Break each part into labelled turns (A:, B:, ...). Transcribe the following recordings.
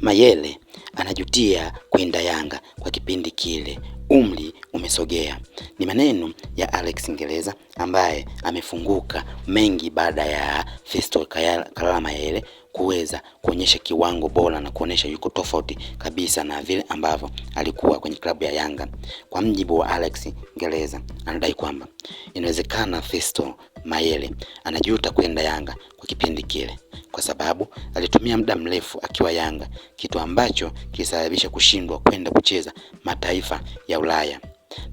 A: Mayele anajutia kwenda Yanga kwa kipindi kile, umri umesogea, ni maneno ya Alex Ngereza ambaye amefunguka mengi baada ya Festo Kalala Mayele kuweza kuonyesha kiwango bora na kuonyesha yuko tofauti kabisa na vile ambavyo alikuwa kwenye klabu ya Yanga. Kwa mjibu wa Alex Ngereza, anadai kwamba inawezekana Festo Mayele anajuta kwenda Yanga kwa kipindi kile kwa sababu alitumia muda mrefu akiwa Yanga, kitu ambacho kilisababisha kushindwa kwenda kucheza mataifa ya Ulaya.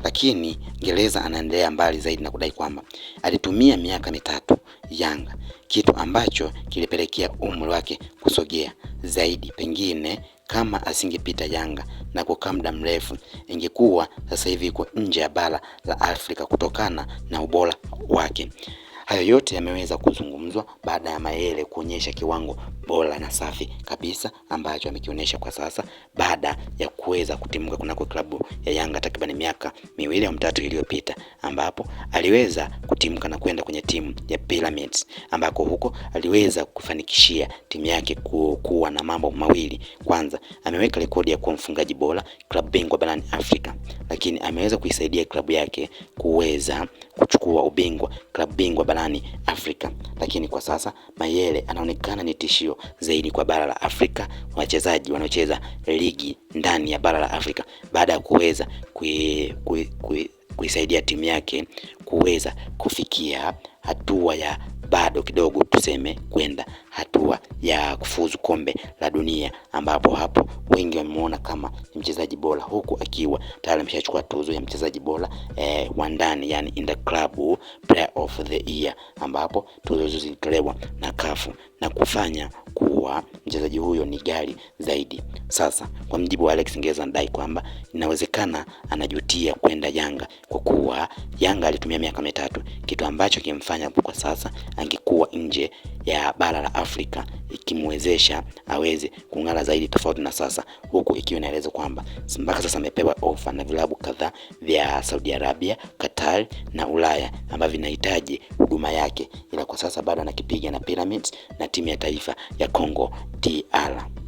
A: Lakini Ngereza anaendelea mbali zaidi na kudai kwamba alitumia miaka mitatu Yanga, kitu ambacho kilipelekea umri wake kusogea zaidi. Pengine kama asingepita Yanga na kukaa muda mrefu, ingekuwa sasa hivi iko nje ya bara la Afrika kutokana na ubora wake. Hayo yote yameweza kuzungumzwa baada ya Mayele kuonyesha kiwango bora na safi kabisa ambacho amekionyesha kwa sasa baada ya kuweza kutimka kunako klabu ya Yanga takriban miaka miwili au mitatu iliyopita, ambapo aliweza kutimka na kwenda kwenye timu ya Pyramids, ambako huko aliweza kufanikishia timu yake kuwa na mambo mawili. Kwanza, ameweka rekodi ya kuwa mfungaji bora klabu bingwa barani Afrika, lakini ameweza kuisaidia klabu yake kuweza kuchukua ubingwa klabu bingwa barani barani Afrika, lakini kwa sasa Mayele anaonekana ni tishio zaidi kwa bara la Afrika, wachezaji wanaocheza ligi ndani ya bara la Afrika baada ya kuweza kuisaidia kui, kui, kui timu yake kuweza kufikia hatua ya bado kidogo tuseme kwenda hatua ya kufuzu kombe la dunia, ambapo hapo wengi wamemuona kama ni mchezaji bora, huku akiwa tayari ameshachukua tuzo ya mchezaji bora eh, wa ndani, yani in the club player of the year, ambapo tuzo hizo zilitolewa na kafu na kufanya kuwa mchezaji huyo ni gari zaidi. Sasa kwa mjibu wa Alex Ngeza anadai kwamba inawezekana anajutia kwenda Yanga kwa kuwa Yanga alitumia miaka mitatu, kitu ambacho kimfanya kwa sasa angekuwa nje ya bara la Afrika, ikimwezesha aweze kung'ara zaidi tofauti na sasa, huku ikiwa inaeleza kwamba mpaka sasa amepewa ofa na vilabu kadhaa vya Saudi Arabia, Qatar na Ulaya ambavyo vinahitaji huduma yake, ila kwa sasa bado anakipiga na Pyramids na timu ya taifa ya Congo DR.